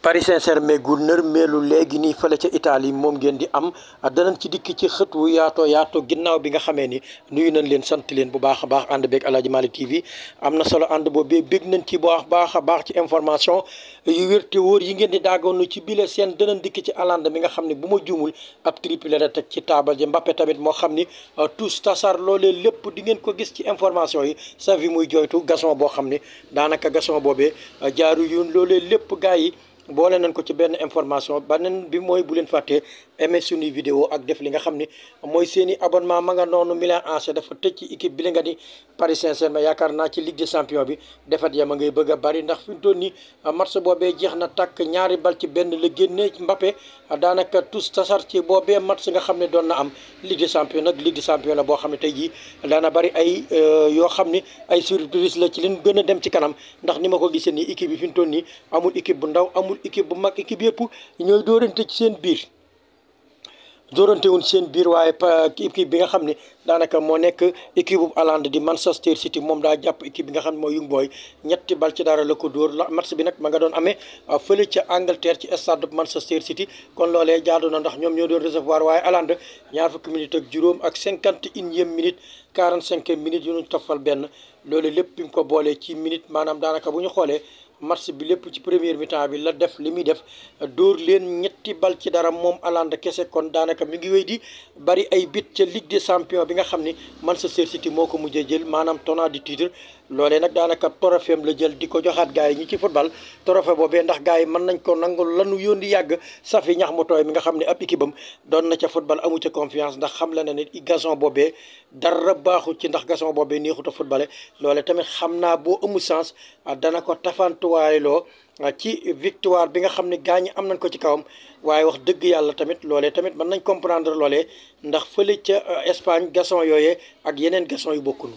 Paris Saint-Germain gu nërmeelu léegi nii fële ca Italie moom ngeen di am danañ ci dikk ci xëtu yaato yaato ginnaaw bi nga xamee ni nuyu nañ leen sant leen bu baax a baax ànd beeg Aladji Malick TV am na solo ànd boobee bég nañ ci bu baax a baax ci information yu wér te wóor yi ngeen di nu ci bile seen danañ dikk ci alande mi nga xam ne bu ma juumul ab triplé la teg ci taabal ji Mbappé tamit moo xam ni euh, tous tasar loolee lépp di ngeen ko gis ci information yi sa vi muy joytu gason boo xam ni daanaka gason boobee euh, jaaru yoon loolee lépp gars yi boole nañ ko ci benn information beneen bi mooy bu leen fàttee aimé suñuy vidéo ak def li nga xam ni mooy seen i abonnement ma nga noonu Milan AC dafa tëj ci équipe bi la nga di Paris Saint-Germain yaakaar naa ci Ligue des Champions bi defat ya ma ngay bëgg a bari ndax fi mu toll nii match boobee jeex na tàkk ñaari bal ci benn la génne Mbappé daanaka tous tasar ci boobee match nga xam ne doon na am Ligue des Champions nag Ligue des Champions la boo xam ne tey jii daana bari ay euh, yoo xam ni ay surprise la ci leen gën a dem ci kanam ndax ni ma ko gisee nii équipe bi fi mu toll nii amul équipe bu ndaw amul équipe bu mag équipe yëpp ñooy dóorante ci seen biir dóorante wuñ seen biir waaye équipe bi nga xam ne daanaka moo nekk équipe bu Hollande di Manchester City moom daa jàpp équipe bi nga xam ne mooy Young Boys ñetti bal ci dara la ko dóor la match bi nag ma nga doon amee euh, fële ca Angleterre ci stade Manchester City kon loolee jaadu na ndax ñoom ñoo doon recevoir waaye Hollande ñaar fukki minutes ak juróom ak cinquante et unième minute quarante cinq minutes yu ñu tofal benn loolu lépp bi mu ko boolee ci minute maanaam daanaka bu ñu xoolee match bi lépp ci première mi-temps bi la def li muy def dóor leen ñetti bal ci dara moom Haaland kese kon daanaka mi ngi wéy di bari ay bit ca Ligue des champions bi nga xam ni man Manchester City moo ko mujjee jël maanaam tonaa di titre loolee nag daanaka trophée la jël di ko joxaat gars yi ñi ci football trophée boobee ndax gars yi mën nañ ko nangul lanu yónni yàgg safi ñax mu tooy mi nga xam ne ab équipe am doon na ca football amu ca confiance ndax xam la ne ne gazon boobee dara baaxu ci ndax gazon boobee neexut a footballé loole tamit xam naa boo amu sens ah, dana ko tafantuwaay loo ah, ci victoire bi nga xam ne gars ñi am nañ ko ci kawam waaye wax dëgg yàlla tamit loole tamit mën nañ comprendre loolee ndax fële ca ah, Espagne gazon yooyee ak yeneen gazon yu bokkunu